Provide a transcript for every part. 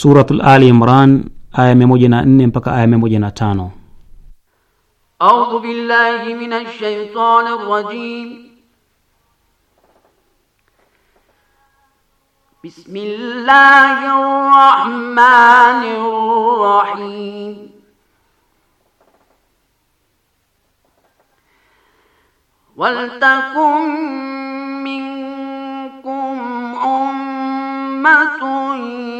Suratul Ali Imran aya 104 mpaka aya 105. A'udhu billahi minash shaitanir rajim. Bismillahir rahmanir rahim. Waltakum minkum ummatun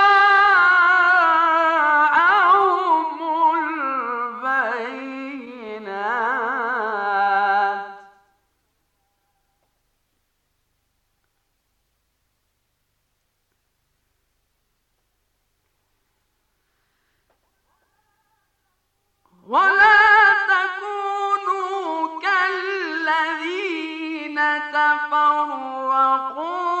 تكونوا كالذين تفرقوا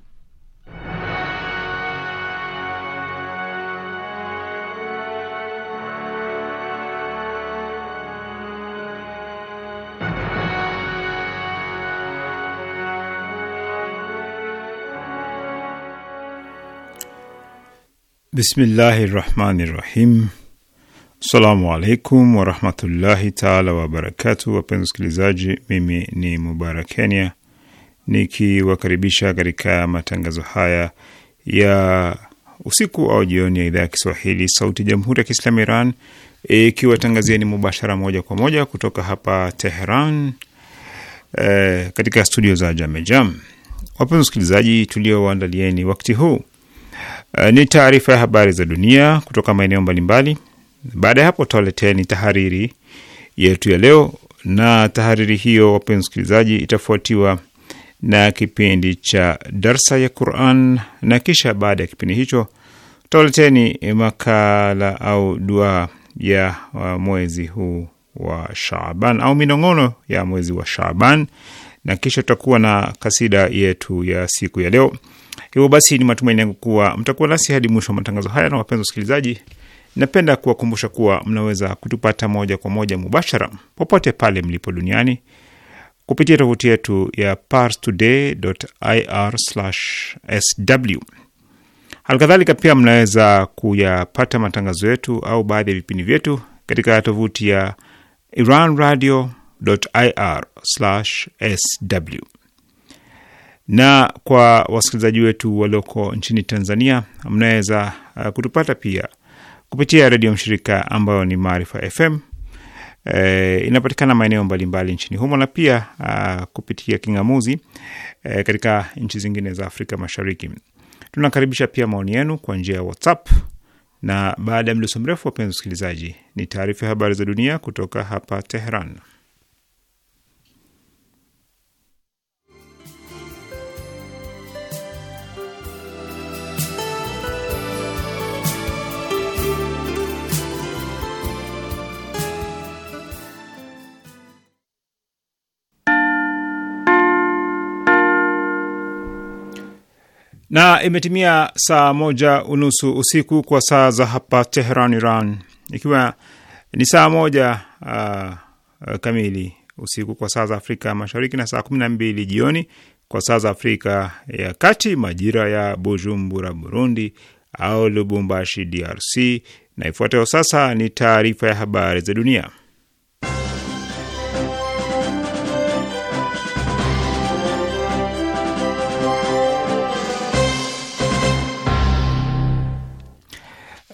Bismillahi rahmani rahim. Assalamu alaikum warahmatullahi taala wabarakatu. Wapenzi wasikilizaji, mimi ni Mubarak Kenya nikiwakaribisha katika matangazo haya ya usiku au jioni ya idhaa ya Kiswahili sauti ya jamhuri ya Kiislamu Iran ikiwatangazia e, ni mubashara moja kwa moja kutoka hapa Teheran e, katika studio za Jamejam. Wapenzi wasikilizaji, tuliowaandalieni wakti huu Eh, ni taarifa ya habari za dunia kutoka maeneo mbalimbali. Baada ya hapo, tawaleteni tahariri yetu ya leo, na tahariri hiyo, wapenzi msikilizaji, itafuatiwa na kipindi cha darsa ya Quran, na kisha baada ya kipindi hicho tawaleteni makala au dua ya uh, mwezi huu wa Shaaban au minong'ono ya mwezi wa Shaaban, na kisha tutakuwa na kasida yetu ya siku ya leo Hivyo basi ni matumaini yangu kuwa mtakuwa nasi hadi mwisho wa matangazo haya. Na wapenzi wasikilizaji, napenda kuwakumbusha kuwa mnaweza kutupata moja kwa moja mubashara popote pale mlipo duniani kupitia tovuti yetu ya parstoday.ir/sw. Halikadhalika pia mnaweza kuyapata matangazo yetu au baadhi ya vipindi vyetu katika tovuti ya iranradio.ir/sw na kwa wasikilizaji wetu walioko nchini Tanzania, mnaweza uh, kutupata pia kupitia redio mshirika ambayo ni Maarifa FM. Uh, eh, inapatikana maeneo mbalimbali nchini humo na pia uh, kupitia kingamuzi uh, katika nchi zingine za Afrika Mashariki. Tunakaribisha pia maoni yenu kwa njia ya WhatsApp. Na baada ya mdoso mrefu, wapenzi usikilizaji ni taarifa ya habari za dunia kutoka hapa Teheran. na imetimia saa moja unusu usiku kwa saa za hapa Teheran, Iran, ikiwa ni saa moja uh, kamili usiku kwa saa za Afrika Mashariki na saa kumi na mbili jioni kwa saa za Afrika ya Kati, majira ya Bujumbura, Burundi au Lubumbashi, DRC. Na ifuatayo sasa ni taarifa ya habari za dunia.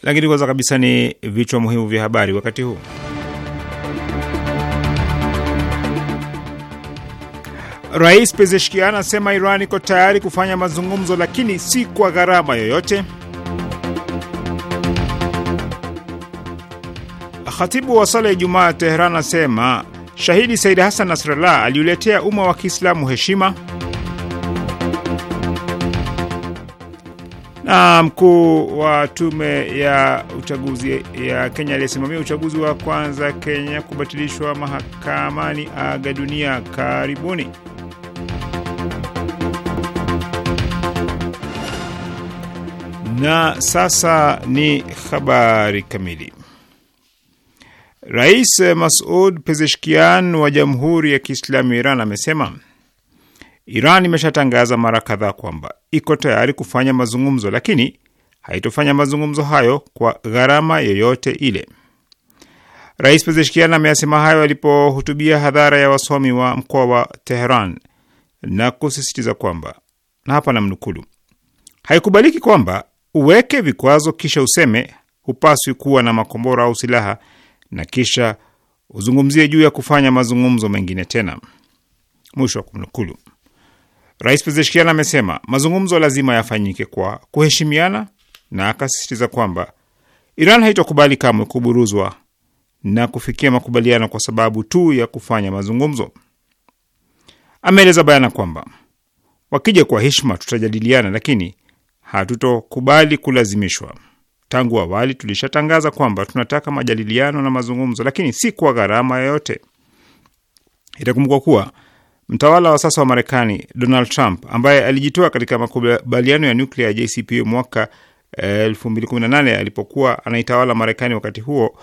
Lakini kwanza kabisa ni vichwa muhimu vya habari wakati huu. Rais Pezeshkian anasema Iran iko tayari kufanya mazungumzo, lakini si kwa gharama yoyote. Khatibu wa sala ya Ijumaa Teheran anasema shahidi Said Hassan Nasrallah aliuletea umma wa Kiislamu heshima. Na mkuu wa tume ya uchaguzi ya Kenya aliyesimamia uchaguzi wa kwanza Kenya kubatilishwa mahakamani aga dunia. Karibuni. Na sasa ni habari kamili. Rais Masud Pezeshkian wa Jamhuri ya Kiislamu ya Iran amesema Iran imeshatangaza mara kadhaa kwamba iko tayari kufanya mazungumzo, lakini haitofanya mazungumzo hayo kwa gharama yoyote ile. Rais Pezeshkian ameyasema hayo alipohutubia hadhara ya wasomi wa mkoa wa Teheran na kusisitiza kwamba, na hapa namnukulu, haikubaliki kwamba uweke vikwazo kisha useme hupaswi kuwa na makombora au silaha na kisha uzungumzie juu ya kufanya mazungumzo mengine tena. Mwisho wa kumnukulu. Rais Pezeshkian amesema mazungumzo lazima yafanyike kwa kuheshimiana, na akasisitiza kwamba Iran haitokubali kamwe kuburuzwa na kufikia makubaliano kwa sababu tu ya kufanya mazungumzo. Ameeleza bayana kwamba wakija kwa heshima tutajadiliana, lakini hatutokubali kulazimishwa. Tangu awali tulishatangaza kwamba tunataka majadiliano na mazungumzo, lakini si kwa gharama yoyote. Itakumbukwa kuwa Mtawala wa sasa wa Marekani Donald Trump ambaye alijitoa katika makubaliano ya nyuklia ya JCPOA mwaka 2018 eh, alipokuwa anaitawala Marekani wakati huo,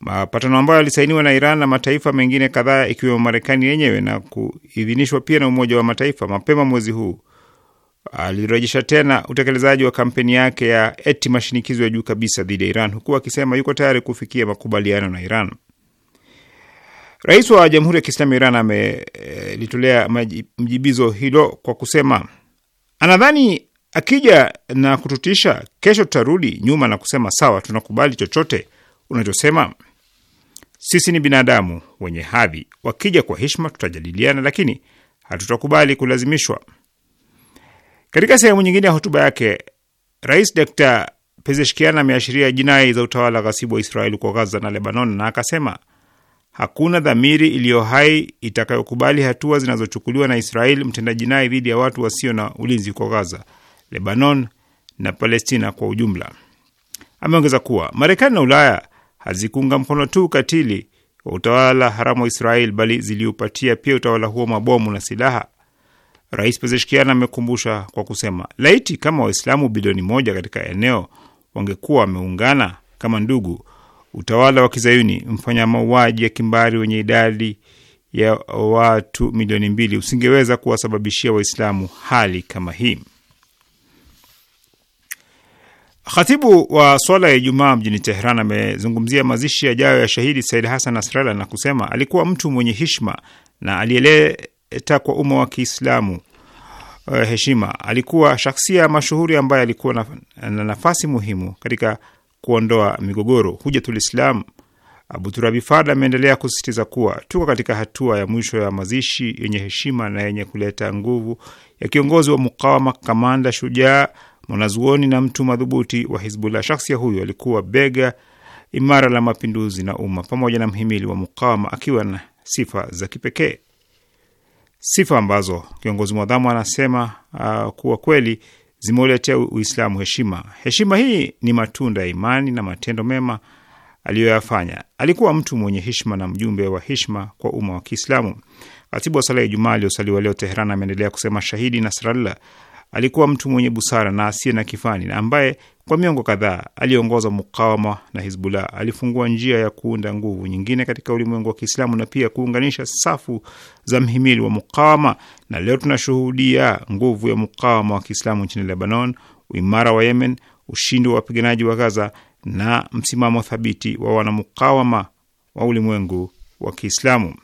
mapatano ambayo yalisainiwa na Iran na mataifa mengine kadhaa ikiwemo Marekani yenyewe na kuidhinishwa pia na Umoja wa Mataifa mapema mwezi huu, alirejesha tena utekelezaji wa kampeni yake ya eti mashinikizo ya juu kabisa dhidi ya Iran, huku akisema yuko tayari kufikia makubaliano na Iran. Rais wa Jamhuri ya Kiislamu ya Iran amelitolea mjibizo hilo kwa kusema anadhani akija na kututisha, kesho tutarudi nyuma na kusema sawa, tunakubali chochote unachosema. Sisi ni binadamu wenye hadhi, wakija kwa heshima tutajadiliana, lakini hatutakubali kulazimishwa. Katika sehemu nyingine ya hotuba yake, Rais d Pezeshkian ameashiria jinai za utawala ghasibu wa Israeli kwa Gaza na Lebanon na akasema hakuna dhamiri iliyo hai itakayokubali hatua zinazochukuliwa na Israel mtenda jinai dhidi ya watu wasio na ulinzi huko Gaza, Lebanon na Palestina kwa ujumla. Ameongeza kuwa Marekani na Ulaya hazikuunga mkono tu ukatili wa utawala haramu wa Israel bali ziliupatia pia utawala huo mabomu na silaha. Rais Pezeshkian amekumbusha kwa kusema, laiti kama Waislamu bilioni moja katika eneo wangekuwa wameungana kama ndugu utawala wa kizayuni mfanya mauaji ya kimbari wenye idadi ya watu milioni mbili usingeweza kuwasababishia Waislamu hali kama hii. Khatibu wa swala ya Ijumaa mjini Tehran amezungumzia mazishi yajayo ya shahidi Said Hassan Nasrallah na kusema alikuwa mtu mwenye hishma na aliyeleta kwa umma wa Kiislamu eh, heshima. Alikuwa shaksia mashuhuri ambaye alikuwa na nafasi muhimu katika kuondoa migogoro. Hujatul Islam Abuturabi Fard ameendelea kusisitiza kuwa tuko katika hatua ya mwisho ya mazishi yenye heshima na yenye kuleta nguvu ya kiongozi wa mukawama, kamanda shujaa, mwanazuoni na mtu madhubuti wa Hizbullah. Shaksia huyo alikuwa bega imara la mapinduzi na umma, pamoja na mhimili wa mukawama, akiwa na sifa za kipekee, sifa ambazo kiongozi mwadhamu anasema uh, kuwa kweli zimeuletea Uislamu heshima. Heshima hii ni matunda ya imani na matendo mema aliyoyafanya. Alikuwa mtu mwenye hishma na mjumbe wa hishma kwa umma wa Kiislamu. Katibu wa sala ya Ijumaa aliyosaliwa leo Teheran ameendelea kusema, shahidi Nasrallah Alikuwa mtu mwenye busara na asiye na kifani na ambaye kwa miongo kadhaa aliongoza mukawama na Hizbullah. Alifungua njia ya kuunda nguvu nyingine katika ulimwengu wa Kiislamu na pia kuunganisha safu za mhimili wa mukawama, na leo tunashuhudia nguvu ya mukawama wa Kiislamu nchini Lebanon, uimara wa Yemen, ushindi wa wapiganaji wa Gaza na msimamo thabiti wa wanamukawama wa ulimwengu wa Kiislamu.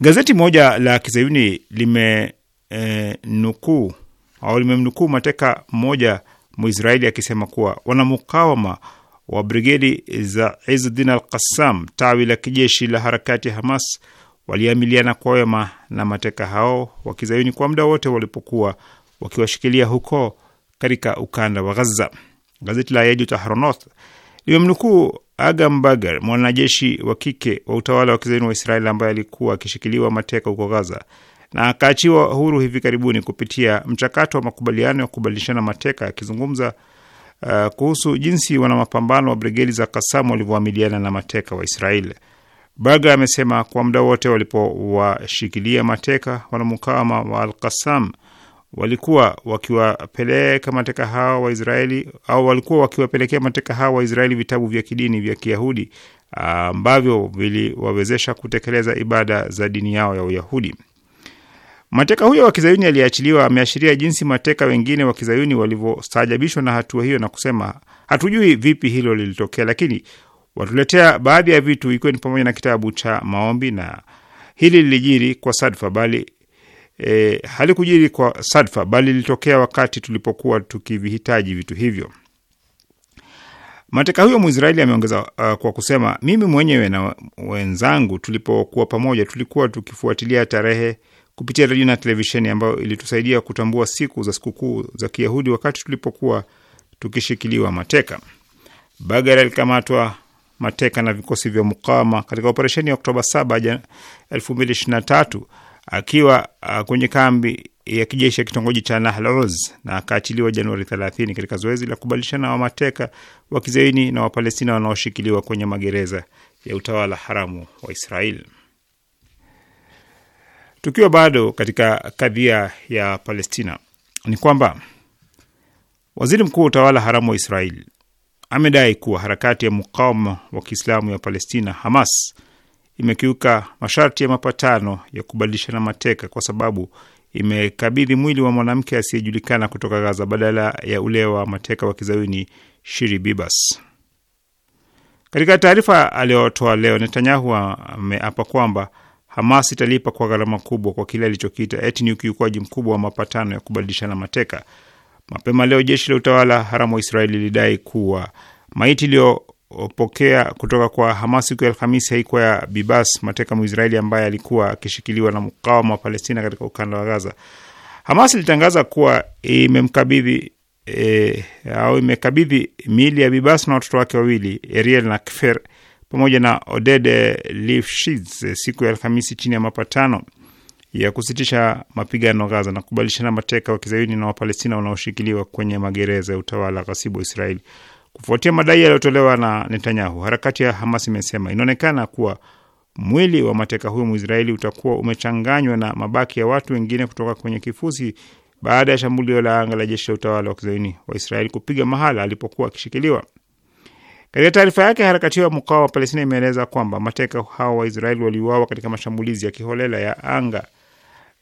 Gazeti moja la kizayuni lime e, nukuu au limemnukuu mateka mmoja Mwisraeli akisema kuwa wanamukawama wa brigedi za Izuddin al-Qassam tawi la kijeshi la harakati Hamas waliamiliana kwa wema na mateka hao wa kizayuni kwa muda wote walipokuwa wakiwashikilia huko katika ukanda wa Gaza. Gazeti la Yediot Ahronoth limemnukuu Agam Bagar, mwanajeshi wa kike wa utawala wa kizayuni wa Israeli ambaye alikuwa akishikiliwa mateka huko Gaza na akaachiwa huru hivi karibuni kupitia mchakato wa makubaliano ya kubadilishana mateka. Akizungumza uh, kuhusu jinsi wana mapambano wa brigedi za Kasamu walivyoamiliana na mateka wa Israeli, Baga amesema kwa muda wote walipowashikilia mateka wanamukawama wa Al-Qassam walikuwa wakiwapeleka mateka hao Israeli au walikuwa wakiwapelekea mateka hao Waisraeli vitabu vya kidini vya Kiyahudi ambavyo viliwawezesha kutekeleza ibada za dini yao ya Uyahudi. Mateka huyo wa kizayuni aliyeachiliwa ameashiria jinsi mateka wengine wa kizayuni walivyostaajabishwa na hatua hiyo na kusema, hatujui vipi hilo lilitokea, lakini watuletea baadhi ya vitu, ikiwa ni pamoja na kitabu cha maombi, na hili lilijiri kwa sadfa, bali e, halikujiri kwa sadfa, bali lilitokea wakati tulipokuwa tukivihitaji vitu hivyo. Mateka huyo Mwisraeli ameongeza uh, kwa kusema, mimi mwenyewe na wenzangu tulipokuwa pamoja tulikuwa tukifuatilia tarehe kupitia redio na televisheni ambayo ilitusaidia kutambua siku za sikukuu za Kiyahudi wakati tulipokuwa tukishikiliwa mateka. Bagar alikamatwa mateka na vikosi vya mukawama katika operesheni ya Oktoba 7, 2023 akiwa ah, kwenye kambi ya kijeshi ya kitongoji cha Nahal na akaachiliwa Januari 30 katika zoezi la kubadilishana wa mateka wa kizaini na Wapalestina wanaoshikiliwa kwenye magereza ya utawala haramu wa Israeli. Tukiwa bado katika kadhia ya Palestina ni kwamba waziri mkuu wa utawala haramu wa israeli amedai kuwa harakati ya mukawama wa Kiislamu ya Palestina, Hamas, imekiuka masharti ya mapatano ya kubadilishana mateka kwa sababu imekabidhi mwili wa mwanamke asiyejulikana kutoka Gaza badala ya ule wa mateka wa kizawini Shiri Bibas. Katika taarifa aliyotoa leo, Netanyahu ameapa kwamba Hamas italipa kwa gharama kubwa kwa kile alichokiita eti ni ukiukwaji mkubwa wa mapatano ya kubadilishana mateka. Mapema leo jeshi la utawala haramu wa Israeli lilidai kuwa maiti iliyopokea kutoka kwa Hamas siku ya Alhamisi haikuwa ya Bibas, mateka Mwisraeli ambaye alikuwa akishikiliwa na mkawama wa Palestina katika ukanda wa Gaza. Hamas ilitangaza kuwa imemkabidhi e, au imekabidhi miili ya Bibas na watoto wake wawili Ariel na Kfer pamoja na Odede Lifshitz siku ya Alhamisi chini ya mapatano ya kusitisha mapigano Gaza na kubadilishana mateka wa kizayuni na Wapalestina wanaoshikiliwa kwenye magereza ya utawala ghasibu wa Israeli. Kufuatia madai yaliyotolewa na Netanyahu, harakati ya Hamas imesema inaonekana kuwa mwili wa mateka huyo Mwisraeli utakuwa umechanganywa na mabaki ya watu wengine kutoka kwenye kifusi baada ya shambulio la anga la jeshi la utawala wa kizayuni wa Israeli kupiga mahala alipokuwa akishikiliwa. Katika taarifa yake, harakati ya mkao wa Palestina imeeleza kwamba mateka hao Israeli waliuawa katika mashambulizi ya kiholela ya anga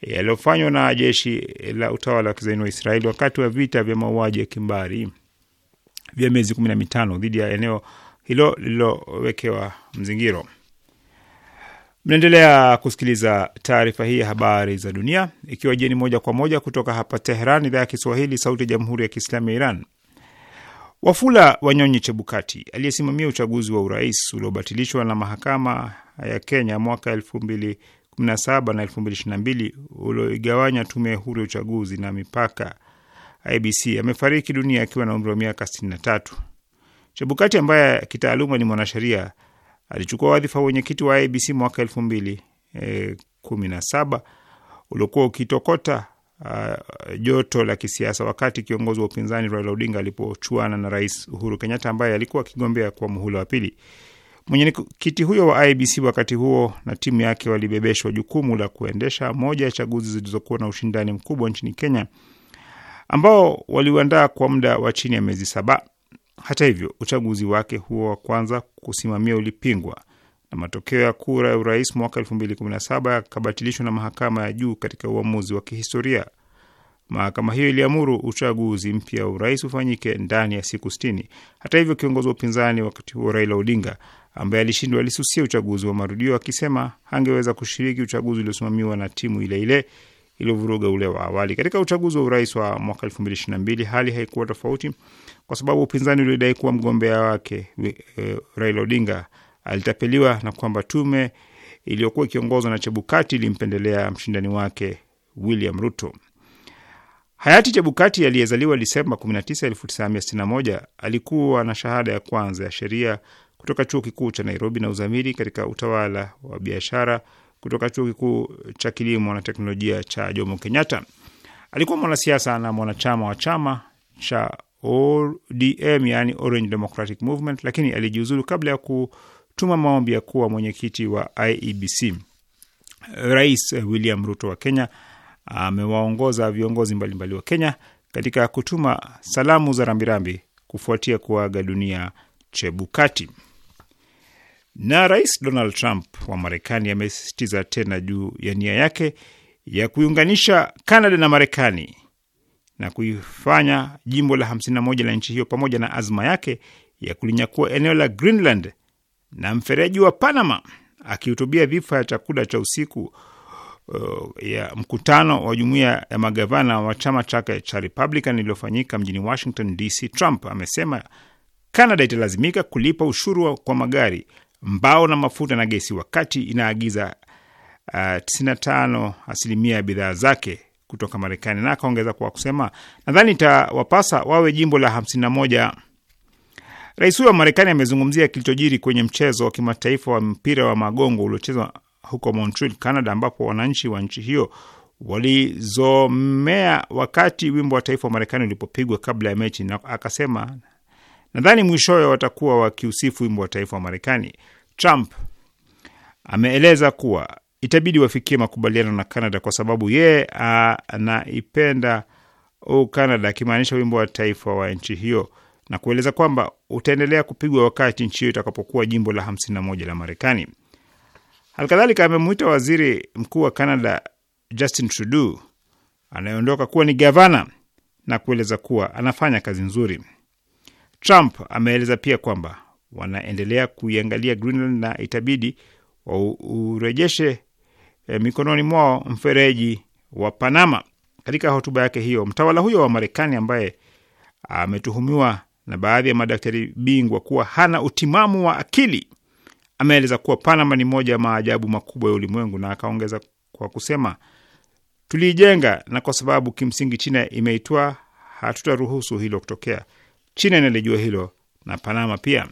yaliyofanywa na jeshi la utawala wa kizaini wa Israeli wakati wa vita vya mauaji ya kimbari vya miezi kumi na mitano dhidi ya eneo hilo lililowekewa mzingiro. Mnaendelea kusikiliza taarifa hii ya habari za dunia, ikiwa jeni moja kwa moja kutoka hapa Teheran, idhaa ya Kiswahili, sauti ya jamhuri ya kiislamu ya Iran. Wafula Wanyonyi Chebukati aliyesimamia uchaguzi wa urais uliobatilishwa na mahakama ya Kenya mwaka elfu mbili kumi na saba na elfu mbili ishirini na mbili ulioigawanya tume ya huru ya uchaguzi na mipaka IBC amefariki dunia akiwa na umri wa miaka sitini na tatu. Chebukati ambaye kitaaluma ni mwanasheria alichukua wadhifa wa wenyekiti wa IBC mwaka elfu mbili eh, kumi na saba uliokuwa ukitokota uh, joto la kisiasa wakati kiongozi wa upinzani Raila Odinga alipochuana na Rais Uhuru Kenyatta ambaye alikuwa akigombea kwa muhula wa pili. Mwenyekiti huyo wa IBC wakati huo na timu yake walibebeshwa jukumu la kuendesha moja ya chaguzi zilizokuwa na ushindani mkubwa nchini Kenya ambao waliuandaa kwa muda wa chini ya miezi saba. Hata hivyo, uchaguzi wake huo wa kwanza kusimamia ulipingwa na matokeo ya kura ya urais mwaka 2017 yakabatilishwa na mahakama ya juu katika uamuzi wa kihistoria. Mahakama hiyo iliamuru uchaguzi mpya wa urais ufanyike ndani ya siku 60. Hata hivyo, kiongozi wa upinzani wakati huo Raila Odinga ambaye alishindwa alisusia uchaguzi wa marudio akisema hangeweza kushiriki uchaguzi uliosimamiwa na timu ile ile iliyovuruga ule wa awali. Katika uchaguzi wa urais wa mwaka 2022 hali haikuwa tofauti, kwa sababu upinzani ulidai kuwa mgombea wake e, Raila Odinga alitapeliwa na kwamba tume iliyokuwa ikiongozwa na Chebukati ilimpendelea mshindani wake William Ruto. Hayati Chebukati aliyezaliwa Disemba 19, 1961 alikuwa na shahada ya kwanza ya sheria kutoka chuo kikuu cha Nairobi na uzamili katika utawala wa biashara kutoka chuo kikuu cha kilimo na teknolojia cha Jomo Kenyatta. Alikuwa mwanasiasa na mwanachama wa chama cha ODM, yani Orange Democratic Movement, lakini alijiuzulu kabla ya ku kutuma maombi ya kuwa mwenyekiti wa IEBC. Rais William Ruto wa Kenya amewaongoza viongozi mbalimbali wa Kenya katika kutuma salamu za rambirambi kufuatia kuaga dunia Chebukati. Na Rais Donald Trump wa Marekani amesisitiza tena juu ya nia yake ya kuiunganisha Kanada na Marekani na kuifanya jimbo la 51 la nchi hiyo pamoja na azma yake ya kulinyakua eneo la Greenland na mfereji wa Panama akihutubia dhifa ya chakula cha usiku uh, ya mkutano wa jumuiya ya magavana wa chama chake cha Republican iliyofanyika mjini Washington DC, Trump amesema Canada italazimika kulipa ushuru kwa magari, mbao na mafuta na gesi, wakati inaagiza uh, 95 asilimia ya bidhaa zake kutoka Marekani. Na akaongeza kwa kusema, nadhani itawapasa wawe jimbo la 51 Rais huyo wa Marekani amezungumzia kilichojiri kwenye mchezo wa kimataifa wa mpira wa magongo uliochezwa huko Montreal, Canada, ambapo wananchi wa nchi hiyo walizomea wakati wimbo wa taifa wa Marekani ulipopigwa kabla ya mechi, na akasema, nadhani mwishoyo watakuwa wakiusifu wimbo wa taifa wa Marekani. Trump ameeleza kuwa itabidi wafikie makubaliano na Canada kwa sababu yeye anaipenda Canada, akimaanisha wimbo wa taifa wa nchi hiyo na kueleza kwamba utaendelea kupigwa wakati nchi hiyo itakapokuwa jimbo la 51 la Marekani. Halikadhalika amemwita waziri mkuu wa Canada Justin Trudeau anayeondoka kuwa ni gavana na kueleza kuwa anafanya kazi nzuri. Trump ameeleza pia kwamba wanaendelea kuiangalia Greenland na itabidi waurejeshe e, eh, mikononi mwao mfereji wa Panama. Katika hotuba yake hiyo, mtawala huyo wa Marekani ambaye ametuhumiwa na baadhi ya madaktari bingwa kuwa hana utimamu wa akili. Ameeleza kuwa Panama ni moja ya maajabu makubwa ya ulimwengu, na akaongeza kwa kusema, tuliijenga na kwa sababu kimsingi China hatuta hatutaruhusu hilo kutokea. China inalijua hilo na Panama pia.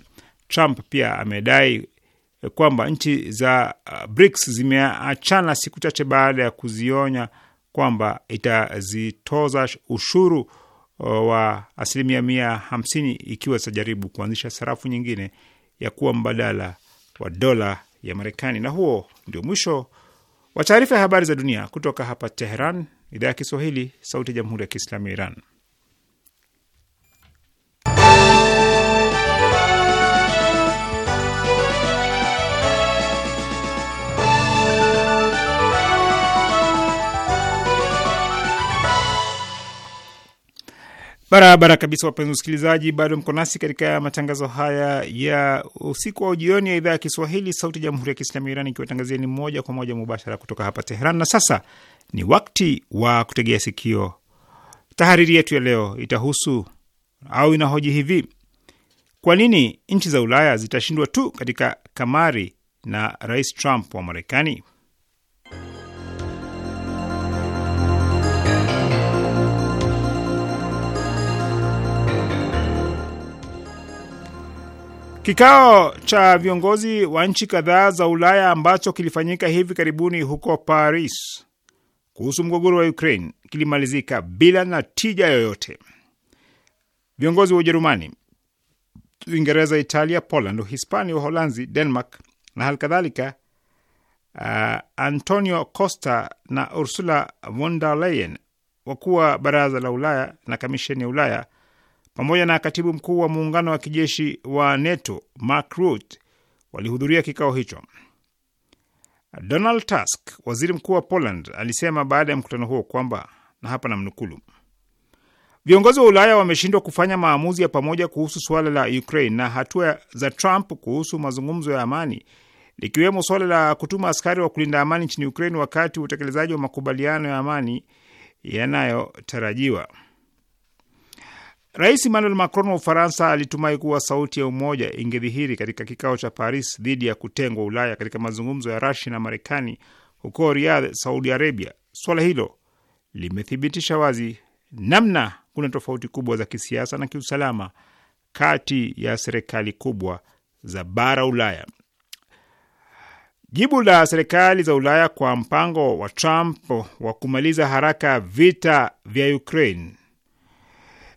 Trump pia amedai kwamba nchi za uh, BRICS zimeachana siku chache baada ya kuzionya kwamba itazitoza ushuru wa asilimia mia hamsini ikiwa zitajaribu kuanzisha sarafu nyingine ya kuwa mbadala wa dola ya Marekani. Na huo ndio mwisho wa taarifa ya habari za dunia kutoka hapa Teheran, idhaa ya Kiswahili, sauti ya jamhuri ya kiislamu ya Iran. Barabara kabisa, wapenzi wasikilizaji, bado mko nasi katika matangazo haya ya usiku wa jioni ya idhaa ya Kiswahili sauti ya jamhuri ya kiislamu ya Iran ikiwatangazia ni moja kwa moja mubashara kutoka hapa Teheran. Na sasa ni wakati wa kutegea sikio. Tahariri yetu ya leo itahusu au inahoji hivi: kwa nini nchi za Ulaya zitashindwa tu katika kamari na Rais Trump wa Marekani? Kikao cha viongozi wa nchi kadhaa za Ulaya ambacho kilifanyika hivi karibuni huko Paris kuhusu mgogoro wa Ukraine kilimalizika bila na tija yoyote. Viongozi wa Ujerumani, Uingereza, Italia, Poland, Uhispania, Uholanzi, Denmark na hali kadhalika uh, Antonio Costa na Ursula von der Leyen, wakuu wa Baraza la Ulaya na Kamisheni ya Ulaya pamoja na katibu mkuu wa muungano wa kijeshi wa NATO Mark Rutte walihudhuria kikao hicho. Donald Tusk, waziri mkuu wa Poland, alisema baada ya mkutano huo kwamba na hapa namnukulu, viongozi wa Ulaya wameshindwa kufanya maamuzi ya pamoja kuhusu suala la Ukraine na hatua za Trump kuhusu mazungumzo ya amani, likiwemo suala la kutuma askari wa kulinda amani nchini Ukraine wakati utekelezaji wa makubaliano ya amani yanayotarajiwa. Rais Emmanuel Macron wa Ufaransa alitumai kuwa sauti ya umoja ingedhihiri katika kikao cha Paris dhidi ya kutengwa Ulaya katika mazungumzo ya Rasia na Marekani huko Riyadh, Saudi Arabia. Suala hilo limethibitisha wazi namna kuna tofauti kubwa za kisiasa na kiusalama kati ya serikali kubwa za bara Ulaya. Jibu la serikali za Ulaya kwa mpango wa Trump wa kumaliza haraka vita vya Ukraine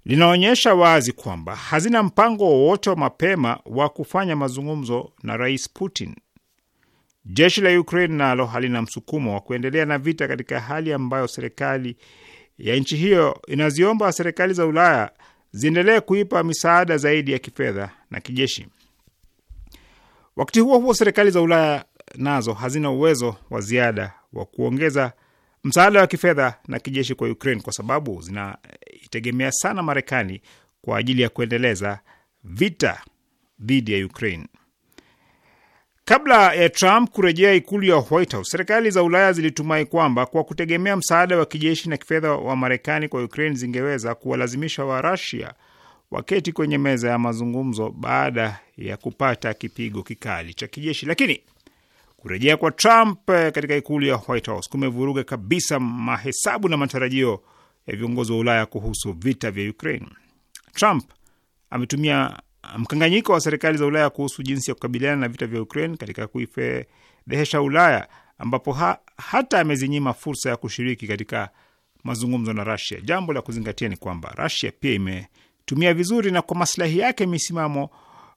linaonyesha wazi kwamba hazina mpango wowote wa mapema wa kufanya mazungumzo na Rais Putin. Jeshi la Ukraine nalo halina msukumo wa kuendelea na vita katika hali ambayo serikali ya nchi hiyo inaziomba serikali za Ulaya ziendelee kuipa misaada zaidi ya kifedha na kijeshi. Wakati huo huo, serikali za Ulaya nazo hazina uwezo wa ziada wa kuongeza msaada wa kifedha na kijeshi kwa Ukraine kwa sababu zinaitegemea sana Marekani kwa ajili ya kuendeleza vita dhidi ya Ukraine. Kabla ya Trump kurejea ikulu ya White House, serikali za Ulaya zilitumai kwamba kwa kutegemea msaada wa kijeshi na kifedha wa Marekani kwa Ukraine zingeweza kuwalazimisha Warusia waketi kwenye meza ya mazungumzo baada ya kupata kipigo kikali cha kijeshi, lakini Kurejea kwa Trump eh, katika ikulu ya White House kumevuruga kabisa mahesabu na matarajio ya viongozi wa Ulaya kuhusu vita vya Ukraine. Trump ametumia eh, mkanganyiko wa serikali za Ulaya kuhusu jinsi ya kukabiliana na vita vya Ukraine katika kuifedhehesha Ulaya, ambapo ha, hata amezinyima fursa ya kushiriki katika mazungumzo na Russia. Jambo la kuzingatia ni kwamba Russia pia imetumia vizuri na kwa maslahi yake misimamo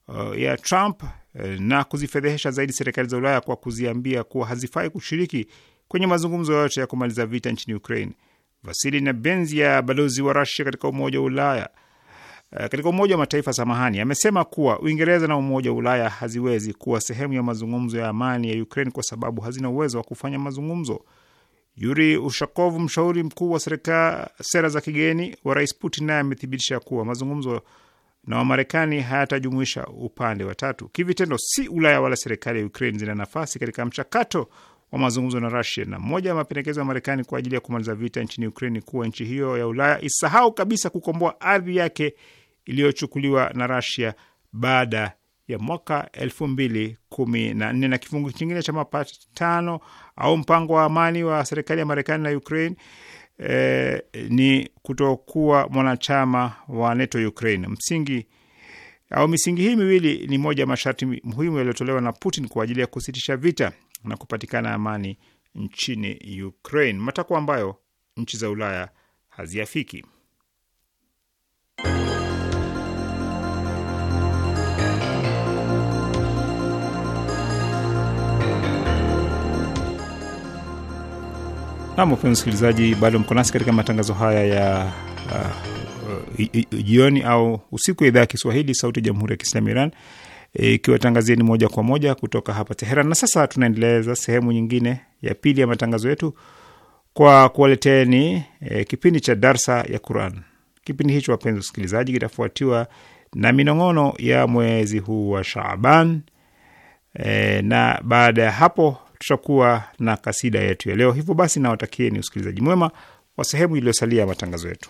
uh, ya Trump Eh, na kuzifedhehesha zaidi serikali za Ulaya kwa kuziambia kuwa hazifai kushiriki kwenye mazungumzo yoyote ya kumaliza vita nchini Ukraine. Vasili na Benzi ya balozi wa Rusia katika Umoja wa Ulaya eh, katika Umoja wa Mataifa, samahani, amesema kuwa Uingereza na Umoja wa Ulaya haziwezi kuwa sehemu ya mazungumzo ya amani ya Ukraine kwa sababu hazina uwezo wa kufanya mazungumzo. Yuri Ushakov, mshauri mkuu wa sera za kigeni wa Rais Putin, naye amethibitisha kuwa mazungumzo na Wamarekani hayatajumuisha upande wa tatu. Kivitendo, si Ulaya wala serikali ya Ukraine zina nafasi katika mchakato wa mazungumzo na Rusia, na moja ya mapendekezo ya Marekani kwa ajili ya kumaliza vita nchini Ukraine ni kuwa nchi hiyo ya Ulaya isahau kabisa kukomboa ardhi yake iliyochukuliwa na Rusia baada ya mwaka elfu mbili kumi na nne. Na kifungu kingine cha mapatano au mpango wa amani wa serikali ya Marekani na Ukraine e, ni kutokuwa mwanachama wa NATO Ukraine. Msingi au misingi hii miwili ni moja ya masharti muhimu yaliyotolewa na Putin kwa ajili ya kusitisha vita na kupatikana amani nchini Ukraine, matakwa ambayo nchi za Ulaya haziafiki. Nam, wapenzi msikilizaji, bado mko nasi katika matangazo haya ya uh, uh jioni au usiku ya idhaa ya Kiswahili sauti ya jamhuri ya kiislamu Iran e, ikiwatangazieni e, moja kwa moja kutoka hapa Teheran. Na sasa tunaendeleza sehemu nyingine ya pili ya matangazo yetu kwa kuwaleteni e, kipindi cha darsa ya Quran. Kipindi hicho wapenzi wasikilizaji, kitafuatiwa na minong'ono ya mwezi huu wa Shaaban e, na baada ya hapo tutakuwa na kasida yetu ya leo. Hivyo basi, nawatakieni usikilizaji mwema wa sehemu iliyosalia ya matangazo yetu.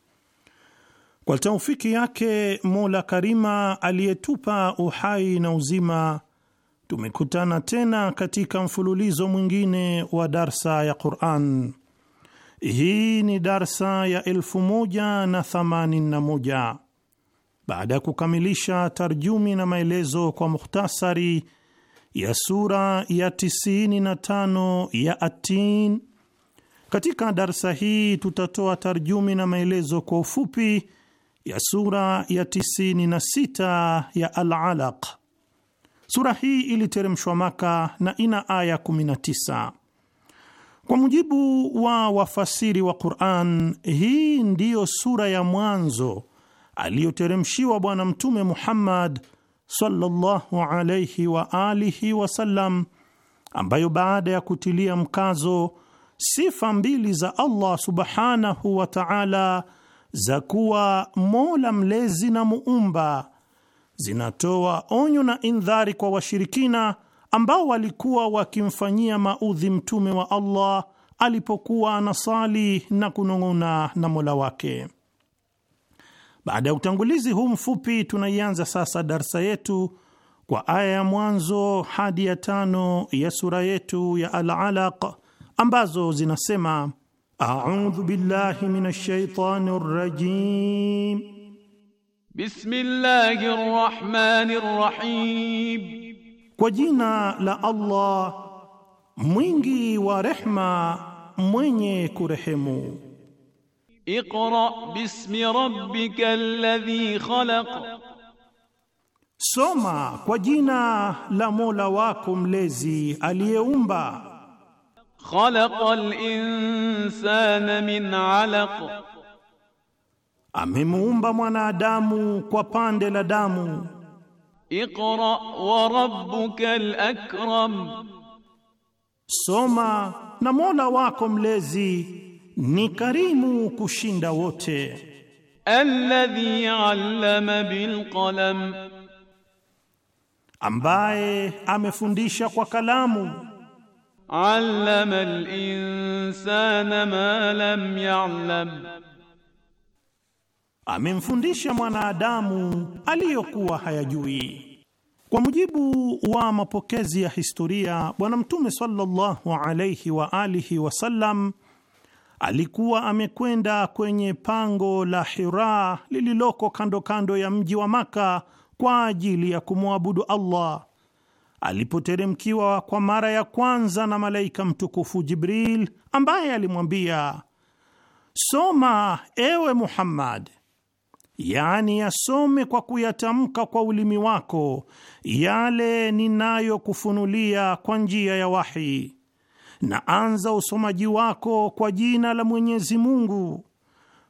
kwa taufiki yake Mola Karima aliyetupa uhai na uzima, tumekutana tena katika mfululizo mwingine wa darsa ya Quran. Hii ni darsa ya elfu moja na thamanini na moja baada ya kukamilisha tarjumi na maelezo kwa mukhtasari ya sura ya 95 ya Atin. Katika darsa hii tutatoa tarjumi na maelezo kwa ufupi ya sura ya 96 ya Al-Alaq. Sura hii iliteremshwa Maka na ina aya 19. Kwa mujibu wa wafasiri wa Qur'an, hii ndiyo sura ya mwanzo aliyoteremshiwa Bwana Mtume Muhammad sallallahu alayhi wa alihi wasallam, ambayo baada ya kutilia mkazo sifa mbili za Allah subhanahu wa ta'ala za kuwa Mola mlezi na muumba zinatoa onyo na indhari kwa washirikina ambao walikuwa wakimfanyia maudhi mtume wa Allah alipokuwa anasali na kunong'ona na Mola wake. Baada ya utangulizi huu mfupi, tunaianza sasa darsa yetu kwa aya ya mwanzo hadi ya tano ya sura yetu ya Al-Alaq ambazo zinasema أعوذ بالله من الشيطان rajim بسم الله الرحمن الرحيم وجينا لا الله mwingi wa rehma mwenye kurehemu Iqra bismi rabbika alladhi khalaq Soma kwa jina la Mola wako mlezi aliyeumba Khalaqal insana min alaq, amemuumba mwanadamu kwa pande la damu. Iqra wa rabbukal akram, soma na Mola wako mlezi ni karimu kushinda wote. Alladhi allama bil ambaye amefundisha kwa kalamu allama al-insana ma lam ya'lam, amemfundisha mwanadamu aliyokuwa hayajui. Kwa mujibu wa mapokezi ya historia, Bwana Mtume sallallahu alayhi wa alihi wasallam alikuwa amekwenda kwenye pango la Hira lililoko kando kando ya mji wa Maka kwa ajili ya kumwabudu Allah alipoteremkiwa kwa mara ya kwanza na malaika mtukufu Jibril, ambaye alimwambia soma, ewe Muhammad, yaani yasome kwa kuyatamka kwa ulimi wako yale ninayokufunulia kwa njia ya wahi, na anza usomaji wako kwa jina la Mwenyezi Mungu,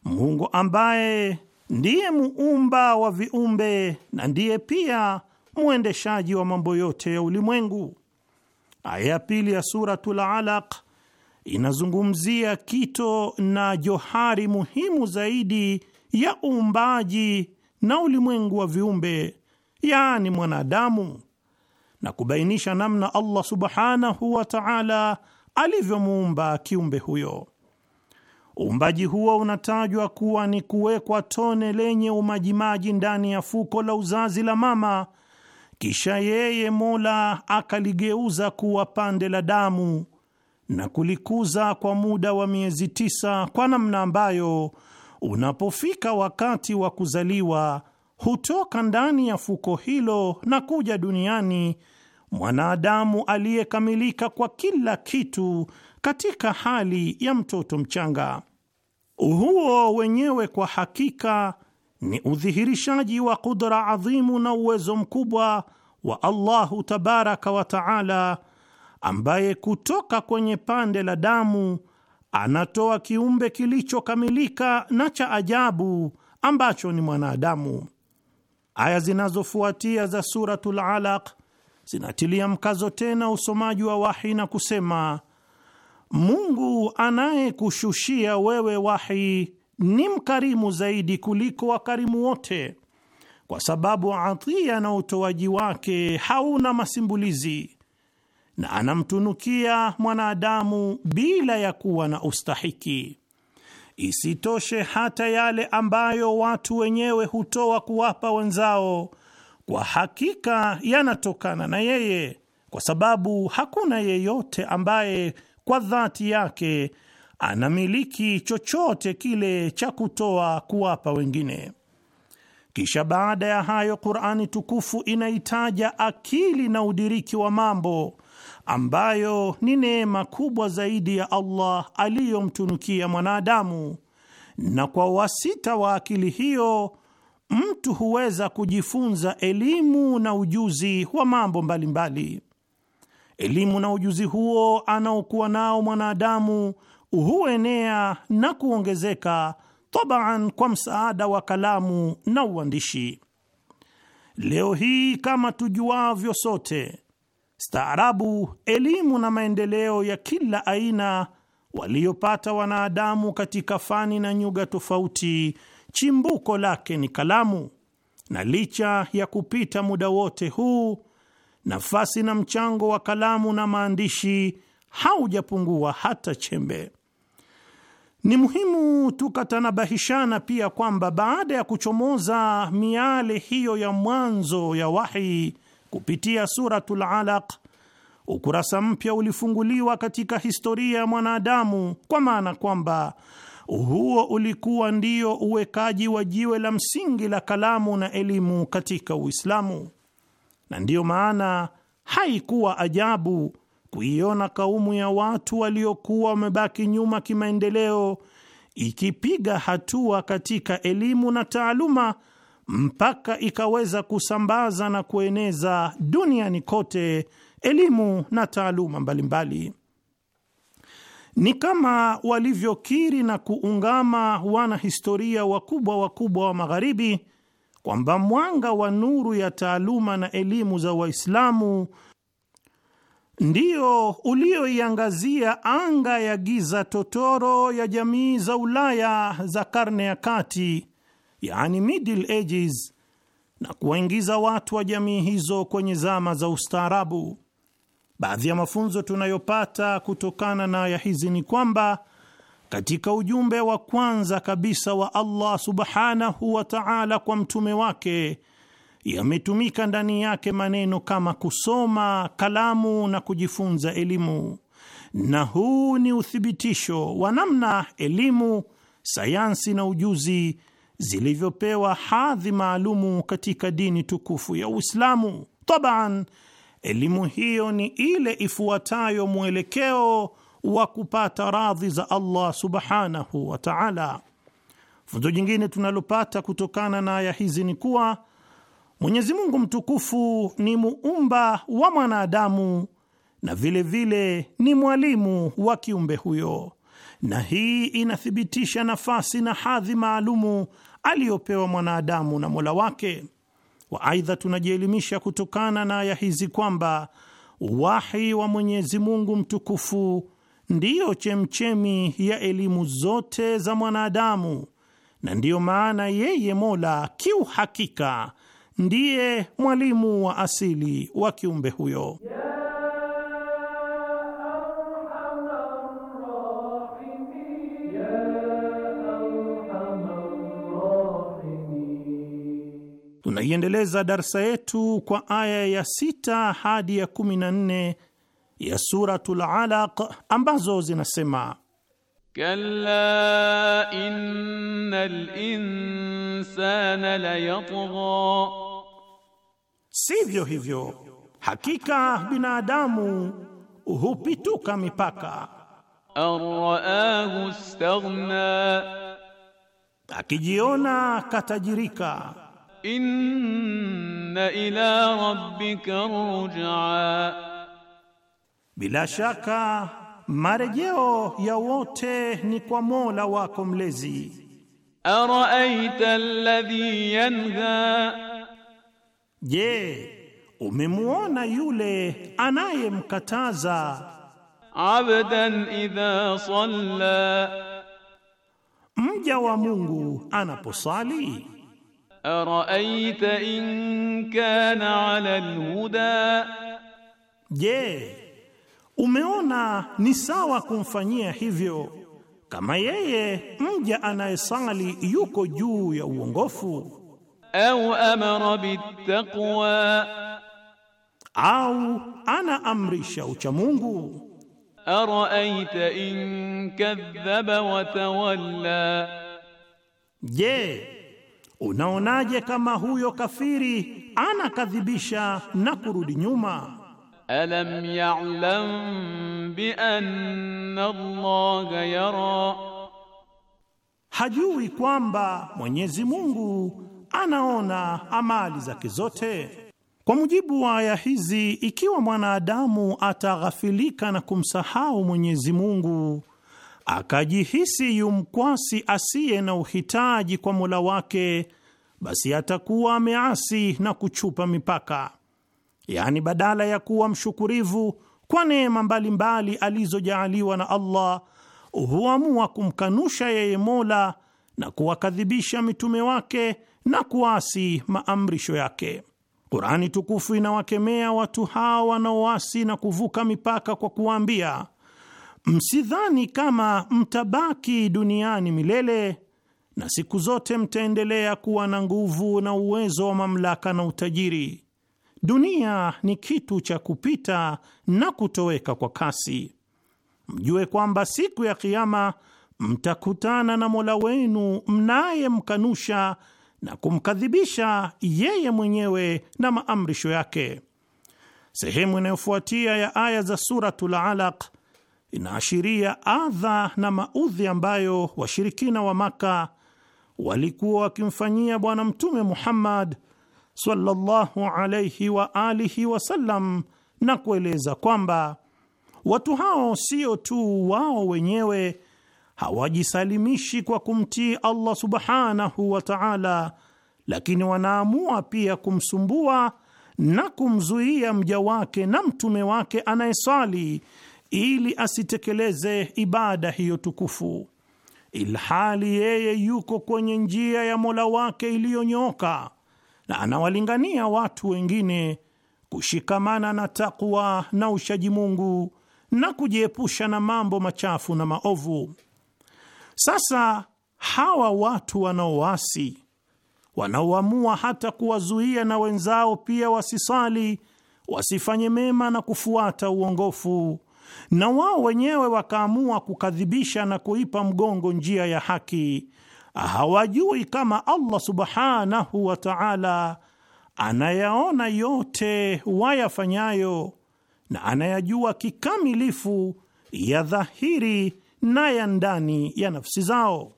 Mungu ambaye ndiye muumba wa viumbe na ndiye pia mwendeshaji wa mambo yote ya ulimwengu. Aya ya pili ya Suratul Alaq inazungumzia kito na johari muhimu zaidi ya uumbaji na ulimwengu wa viumbe, yaani mwanadamu, na kubainisha namna Allah subhanahu wa taala alivyomuumba kiumbe huyo. Uumbaji huo unatajwa kuwa ni kuwekwa tone lenye umajimaji ndani ya fuko la uzazi la mama kisha yeye Mola akaligeuza kuwa pande la damu na kulikuza kwa muda wa miezi tisa, kwa namna ambayo unapofika wakati wa kuzaliwa hutoka ndani ya fuko hilo na kuja duniani mwanadamu aliyekamilika kwa kila kitu katika hali ya mtoto mchanga. Huo wenyewe kwa hakika ni udhihirishaji wa kudra adhimu na uwezo mkubwa wa Allahu tabaraka wa taala, ambaye kutoka kwenye pande la damu anatoa kiumbe kilichokamilika na cha ajabu ambacho ni mwanadamu. Aya zinazofuatia za Suratul Alaq zinatilia mkazo tena usomaji wa wahi na kusema, Mungu anayekushushia wewe wahi ni mkarimu zaidi kuliko wakarimu wote, kwa sababu atia na utoaji wake hauna masimbulizi na anamtunukia mwanadamu bila ya kuwa na ustahiki. Isitoshe, hata yale ambayo watu wenyewe hutoa kuwapa wenzao, kwa hakika yanatokana na yeye, kwa sababu hakuna yeyote ambaye kwa dhati yake anamiliki chochote kile cha kutoa kuwapa wengine. Kisha baada ya hayo, Qur'ani tukufu inaitaja akili na udiriki wa mambo ambayo ni neema kubwa zaidi ya Allah aliyomtunukia mwanadamu, na kwa wasita wa akili hiyo mtu huweza kujifunza elimu na ujuzi wa mambo mbalimbali mbali. Elimu na ujuzi huo anaokuwa nao mwanadamu huenea na kuongezeka tabaan, kwa msaada wa kalamu na uandishi. Leo hii kama tujuavyo sote, staarabu, elimu na maendeleo ya kila aina waliyopata wanadamu katika fani na nyuga tofauti, chimbuko lake ni kalamu, na licha ya kupita muda wote huu, nafasi na mchango wa kalamu na maandishi haujapungua hata chembe. Ni muhimu tukatanabahishana pia kwamba baada ya kuchomoza miale hiyo ya mwanzo ya wahi kupitia Suratul Alaq, ukurasa mpya ulifunguliwa katika historia ya mwanadamu, kwa maana kwamba huo ulikuwa ndio uwekaji wa jiwe la msingi la kalamu na elimu katika Uislamu, na ndiyo maana haikuwa ajabu kuiona kaumu ya watu waliokuwa wamebaki nyuma kimaendeleo ikipiga hatua katika elimu na taaluma mpaka ikaweza kusambaza na kueneza duniani kote elimu na taaluma mbalimbali. Ni kama walivyokiri na kuungama wanahistoria wakubwa wakubwa wa Magharibi kwamba mwanga wa nuru ya taaluma na elimu za Waislamu ndio ulioiangazia anga ya giza totoro ya jamii za Ulaya za karne ya kati, yani Middle Ages, na kuwaingiza watu wa jamii hizo kwenye zama za ustaarabu. Baadhi ya mafunzo tunayopata kutokana na aya hizi ni kwamba katika ujumbe wa kwanza kabisa wa Allah subhanahu wa ta'ala kwa mtume wake yametumika ndani yake maneno kama kusoma, kalamu na kujifunza elimu, na huu ni uthibitisho wa namna elimu, sayansi na ujuzi zilivyopewa hadhi maalumu katika dini tukufu ya Uislamu. Taban, elimu hiyo ni ile ifuatayo mwelekeo wa kupata radhi za Allah subhanahu wa taala. Funzo jingine tunalopata kutokana na aya hizi ni kuwa Mwenyezi Mungu mtukufu ni muumba wa mwanadamu na vilevile vile ni mwalimu wa kiumbe huyo, na hii inathibitisha nafasi na hadhi maalumu aliyopewa mwanadamu na Mola wake wa. Aidha, tunajielimisha kutokana na aya hizi kwamba wahi wa Mwenyezi Mungu mtukufu ndiyo chemchemi ya elimu zote za mwanadamu, na ndiyo maana yeye Mola kiuhakika ndiye mwalimu wa asili wa kiumbe huyo. Tunaiendeleza darsa yetu kwa aya ya sita hadi ya kumi na nne ya Suratul Alaq ambazo zinasema Kalla innal insana layatgha, sivyo hivyo, hakika binadamu hupituka mipaka. Araahu istaghna, akijiona katajirika. Inna ila rabbika ruj'a, bila shaka marejeo ya wote ni kwa Mola wako mlezi. Araaita alladhi yanha, je, umemuona yule anayemkataza? Abdan idha salla, mja wa Mungu anaposali. Araaita in kana ala alhuda, je Umeona ni sawa kumfanyia hivyo kama yeye mja anayesali yuko juu ya uongofu, au amara bittaqwa, au anaamrisha ucha Mungu. Araita in kadhaba wa tawalla, je, unaonaje kama huyo kafiri anakadhibisha na kurudi nyuma? alam ya'lam bi anna Allah yara, hajui kwamba Mwenyezi Mungu anaona amali zake zote. Kwa mujibu wa aya hizi, ikiwa mwanadamu ataghafilika na kumsahau Mwenyezi Mungu akajihisi yumkwasi asiye na uhitaji kwa Mola wake, basi atakuwa ameasi na kuchupa mipaka yani badala ya kuwa mshukurivu kwa neema mbalimbali alizojaaliwa na Allah huamua kumkanusha yeye Mola na kuwakadhibisha mitume wake na kuasi maamrisho yake. Kurani tukufu inawakemea watu hawa wanaoasi na kuvuka mipaka kwa kuwaambia, msidhani kama mtabaki duniani milele na siku zote mtaendelea kuwa na nguvu na uwezo wa mamlaka na utajiri dunia ni kitu cha kupita na kutoweka kwa kasi. Mjue kwamba siku ya Kiama mtakutana na Mola wenu mnayemkanusha na kumkadhibisha yeye mwenyewe na maamrisho yake. Sehemu inayofuatia ya aya za Suratul Alaq inaashiria adha na maudhi ambayo washirikina wa Maka walikuwa wakimfanyia Bwana Mtume Muhammad sallallahu alayhi wa alihi wasallam na kueleza kwamba watu hao sio tu wao wenyewe hawajisalimishi kwa kumtii Allah subhanahu wa ta'ala, lakini wanaamua pia kumsumbua na kumzuia mja wake na mtume wake anayesali ili asitekeleze ibada hiyo tukufu, ilhali yeye yuko kwenye njia ya Mola wake iliyonyooka na anawalingania watu wengine kushikamana na takwa na ushaji Mungu na kujiepusha na mambo machafu na maovu. Sasa hawa watu wanaowasi, wanaoamua hata kuwazuia na wenzao pia wasisali, wasifanye mema na kufuata uongofu, na wao wenyewe wakaamua kukadhibisha na kuipa mgongo njia ya haki, hawajui kama Allah subhanahu wa ta'ala anayaona yote wayafanyayo na anayajua kikamilifu ya dhahiri na ya ndani ya nafsi zao.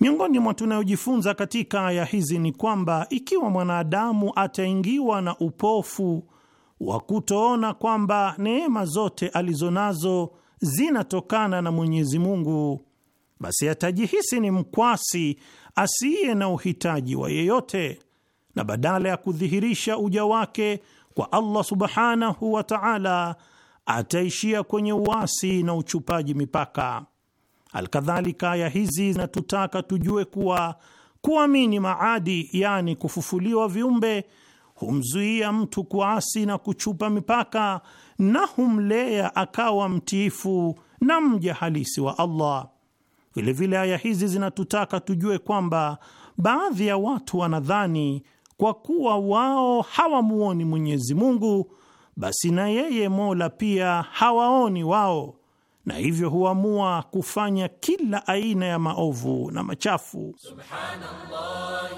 Miongoni mwa tunayojifunza katika aya hizi ni kwamba ikiwa mwanadamu ataingiwa na upofu wa kutoona kwamba neema zote alizonazo zinatokana na Mwenyezi Mungu basi atajihisi ni mkwasi asiye na uhitaji wa yeyote, na badala ya kudhihirisha uja wake kwa Allah subhanahu wa ta'ala ataishia kwenye uasi na uchupaji mipaka. Alkadhalika, aya hizi zinatutaka tujue kuwa kuamini maadi, yani kufufuliwa viumbe, humzuia mtu kuasi na kuchupa mipaka na humlea akawa mtiifu na mja halisi wa Allah. Vilevile aya hizi zinatutaka tujue kwamba baadhi ya watu wanadhani kwa kuwa wao hawamuoni Mwenyezi Mungu, basi na yeye Mola pia hawaoni wao, na hivyo huamua kufanya kila aina ya maovu na machafu. Subhanallah.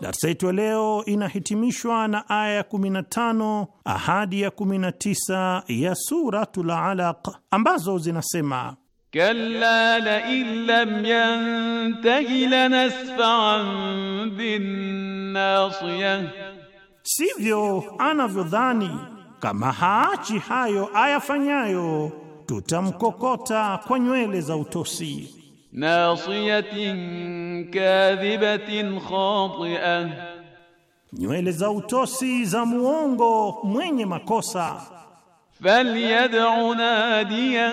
Darsa yetu ya leo inahitimishwa na aya ya 15 ahadi ya 19 ya Suratul Alaq ambazo zinasema kalla la in lam yantahi lanasfa'an binnasiya, sivyo anavyodhani kama haachi hayo ayafanyayo, tutamkokota kwa nywele za utosi nasiyatin kadhibatin nywele za utosi za muongo mwenye makosa. Falyad'u nadiya,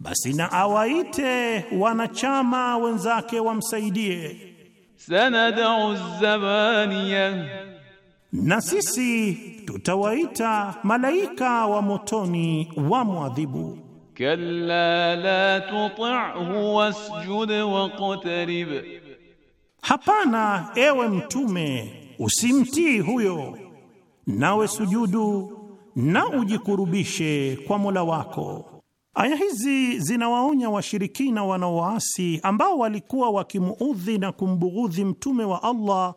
basi na awaite wanachama wenzake wamsaidie. Sanad'u zabaniya, na sisi tutawaita malaika wa motoni wamwadhibu. Kalla la tuti'hu wasjud waqtarib, hapana ewe Mtume, usimtii huyo, nawe sujudu na ujikurubishe kwa Mola wako. Aya hizi zinawaonya washirikina wanaoasi ambao walikuwa wakimuudhi na kumbughudhi mtume wa Allah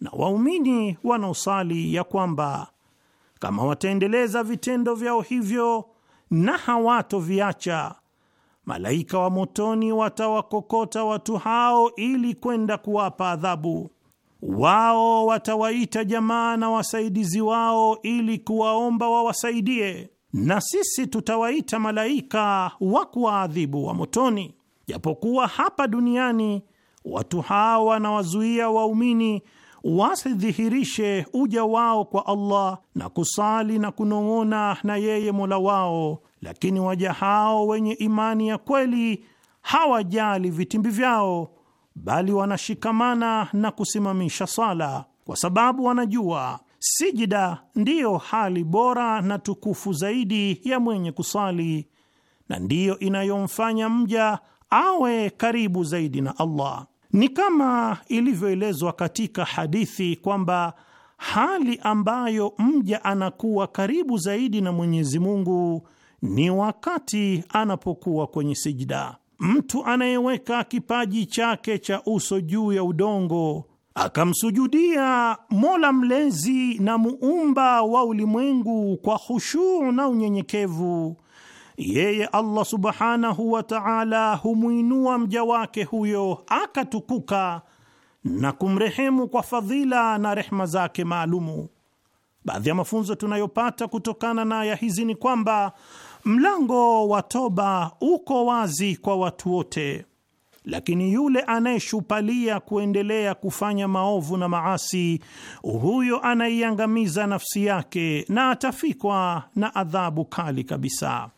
na waumini wanaosali ya kwamba kama wataendeleza vitendo vyao hivyo na hawatoviacha. Malaika wa motoni watawakokota watu hao ili kwenda kuwapa adhabu. Wao watawaita jamaa na wasaidizi wao ili kuwaomba wawasaidie, na sisi tutawaita malaika wa kuwaadhibu wa motoni. Japokuwa hapa duniani watu hawa wanawazuia waumini wasidhihirishe uja wao kwa Allah na kusali na kunong'ona na yeye Mola wao, lakini waja hao wenye imani ya kweli hawajali vitimbi vyao, bali wanashikamana na kusimamisha sala, kwa sababu wanajua sijida ndiyo hali bora na tukufu zaidi ya mwenye kusali na ndiyo inayomfanya mja awe karibu zaidi na Allah. Ni kama ilivyoelezwa katika hadithi kwamba hali ambayo mja anakuwa karibu zaidi na Mwenyezi Mungu ni wakati anapokuwa kwenye sijida. Mtu anayeweka kipaji chake cha uso juu ya udongo akamsujudia Mola mlezi na muumba wa ulimwengu kwa hushuu na unyenyekevu yeye Allah subhanahu wa ta'ala humwinua mja wake huyo akatukuka na kumrehemu kwa fadhila na rehma zake maalumu. Baadhi ya mafunzo tunayopata kutokana na aya hizi ni kwamba mlango wa toba uko wazi kwa watu wote, lakini yule anayeshupalia kuendelea kufanya maovu na maasi, huyo anaiangamiza nafsi yake na atafikwa na adhabu kali kabisa.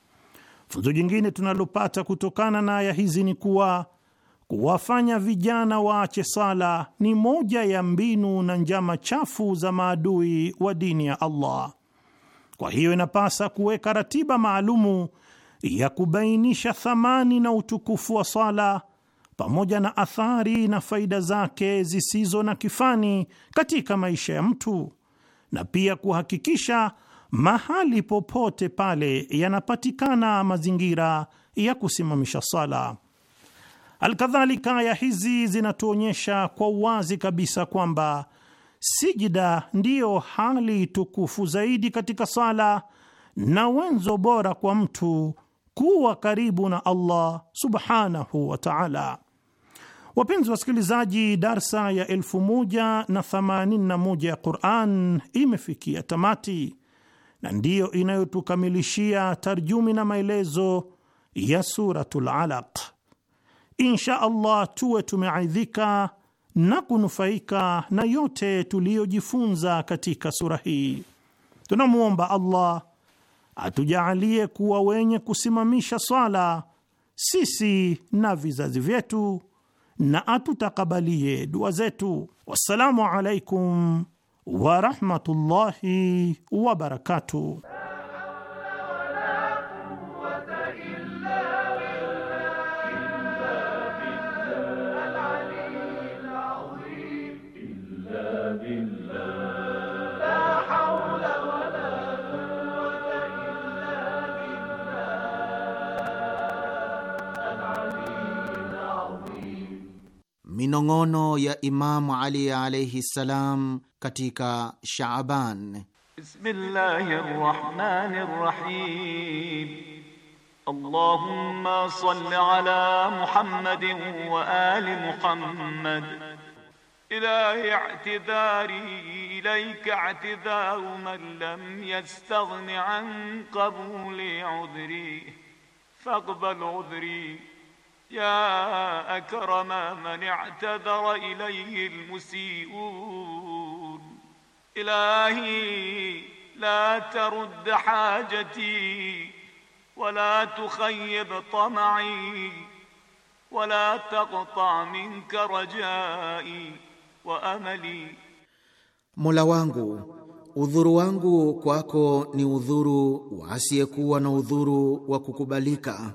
Funzo jingine tunalopata kutokana na aya hizi ni kuwa kuwafanya vijana waache sala ni moja ya mbinu na njama chafu za maadui wa dini ya Allah. Kwa hiyo inapasa kuweka ratiba maalumu ya kubainisha thamani na utukufu wa swala pamoja na athari na faida zake zisizo na kifani katika maisha ya mtu na pia kuhakikisha mahali popote pale yanapatikana mazingira ya kusimamisha sala. Alkadhalika, aya hizi zinatuonyesha kwa uwazi kabisa kwamba sijida ndiyo hali tukufu zaidi katika sala na wenzo bora kwa mtu kuwa karibu na Allah subhanahu wa ta'ala. Wapenzi wasikilizaji, darsa ya 1081 ya Qur'an imefikia tamati na ndiyo inayotukamilishia tarjumi na maelezo ya Suratul Alaq. Insha Allah tuwe tumeaidhika na kunufaika na yote tuliyojifunza katika sura hii. Tunamwomba Allah atujaalie kuwa wenye kusimamisha swala sisi na vizazi vyetu, na atutakabalie dua zetu. Wassalamu alaikum ورحمه الله وبركاته minong'ono ya Imamu Ali alaihi ssalam katika Shaaban. Bismillahi rahmani rahim Allahumma salli ala Muhammadin wa ali Muhammad. Ilahi i'tidari ilayka i'tidaru man lam yastaghni an qabuli udri faqbal udri ya akrama man i'tadhara ilayhi almusii'un ilahi la tarudd hajati wala tukhayyib tam'i wala taqta' minka rajai wa amali, Mola wangu udhuru wangu kwako ni udhuru wasiyekuwa na udhuru wa kukubalika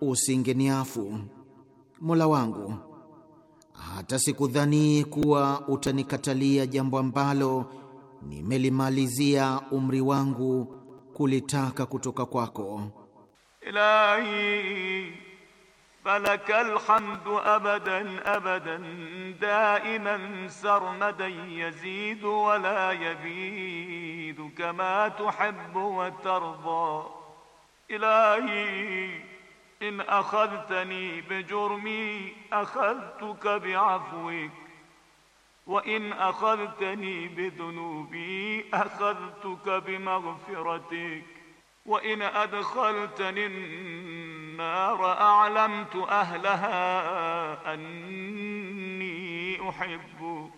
usingeniafu. Mola wangu, hata sikudhani kuwa utanikatalia jambo ambalo nimelimalizia umri wangu kulitaka kutoka kwako. Ilahi falakal hamdu abadan abadan daiman sarmadan yazidu wala yabidu kama tuhibbu wa tarda ilahi إن أخذتني بجرمي أخذتك بعفوك وإن أخذتني بذنوبي أخذتك بمغفرتك وإن أدخلتني النار أعلمت أهلها أني أحبك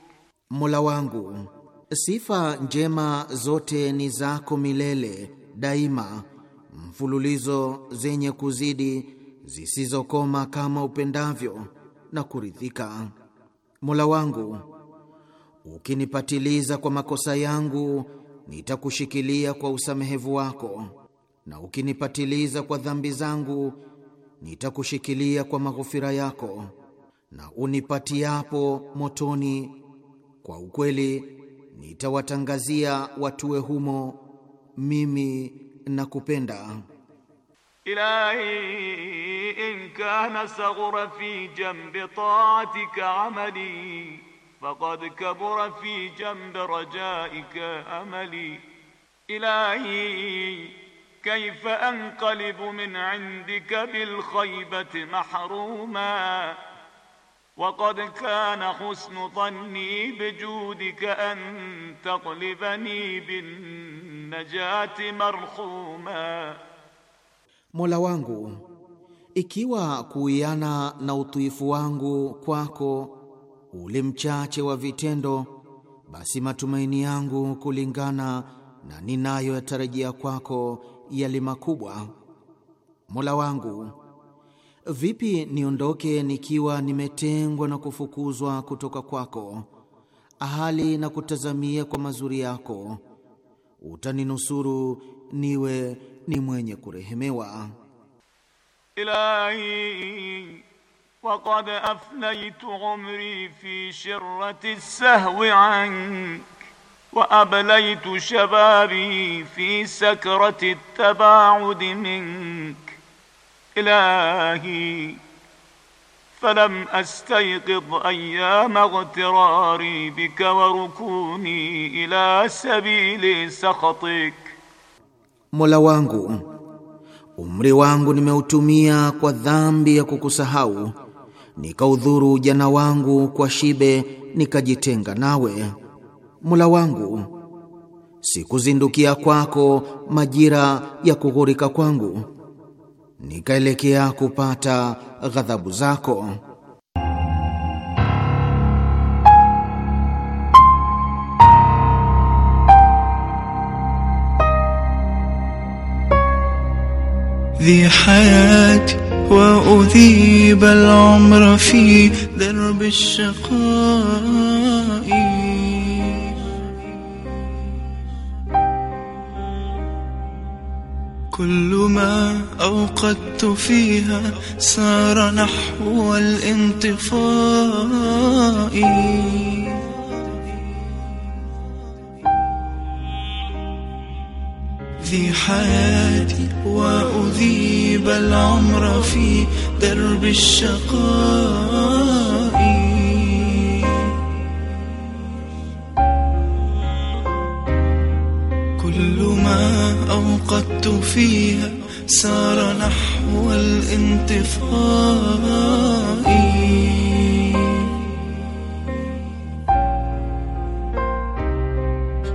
ملوانغو سيفا جيما زوتي نزاكو ميليلي دايما mfululizo zenye kuzidi zisizokoma kama upendavyo na kuridhika. Mola wangu, ukinipatiliza kwa makosa yangu nitakushikilia kwa usamehevu wako, na ukinipatiliza kwa dhambi zangu nitakushikilia kwa maghofira yako, na unipatiapo motoni kwa ukweli nitawatangazia watue humo mimi nakupenda. Ilahi in kana saghura fi jambi ta'atika amali faqad kabura fi jambi rajaika amali إلهي كيف أنقلب من عندك بالخيبة محروما وقد كان حسن ظني بجودك أن تقلبني بالنار najati marhuma, Mola wangu, ikiwa kuiana na utuifu wangu kwako ule mchache wa vitendo, basi matumaini yangu kulingana na ninayoyatarajia kwako yali makubwa. Mola wangu, vipi niondoke nikiwa nimetengwa na kufukuzwa kutoka kwako, ahali na kutazamia kwa mazuri yako utaninusuru niwe ni mwenye kurehemewa. Ilahi waqad aflaytu umri fi shirrati sahwi ank wa ablaytu shababi fi sakrati tabaudi mink ilahi فلم أستيقظ أيام اغتراري بك وركوني إلى سبيل سخطك مولا wangu umri wangu nimeutumia kwa dhambi ya kukusahau, nikaudhuru ujana wangu kwa shibe, nikajitenga nawe. Mola wangu sikuzindukia kwako majira ya kughurika kwangu nikaelekea kupata ghadhabu zako. ذي حياتي وأذيب العمر في درب الشقاء كل ما أوقدت فيها سار نحو الانطفاء ذي حياتي وأذيب العمر في درب الشقاء كل ما أوقدت فيها سار نحو الانطفاء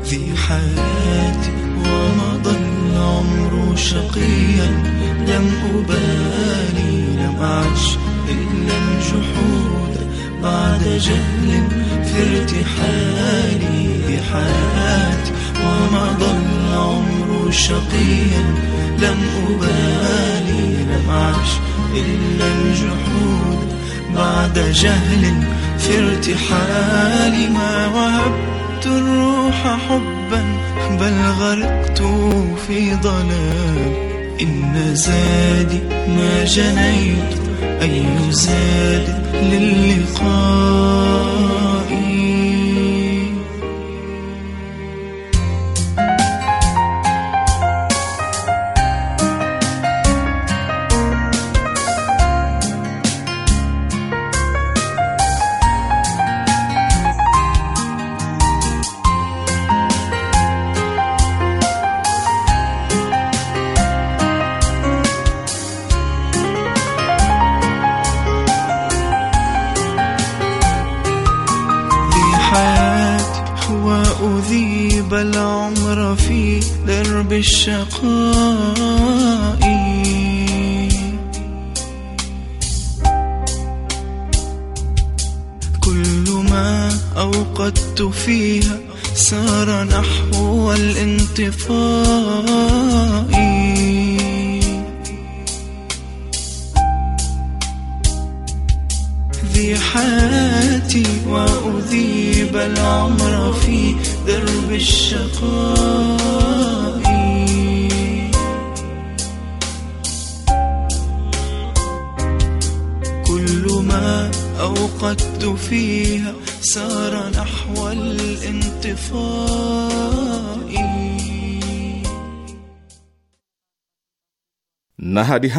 ذي حياتي ومضى العمر شقيا لم أبالي لم أعش إلا الجحود بعد جهل في ارتحالي ذي حياتي ومضى العمر شقيا لم أبالي لم أعش إلا الجحود بعد جهل في ارتحال ما وهبت الروح حبا بل غرقت في ضلال إن زادي ما جنيت أي زاد للقاء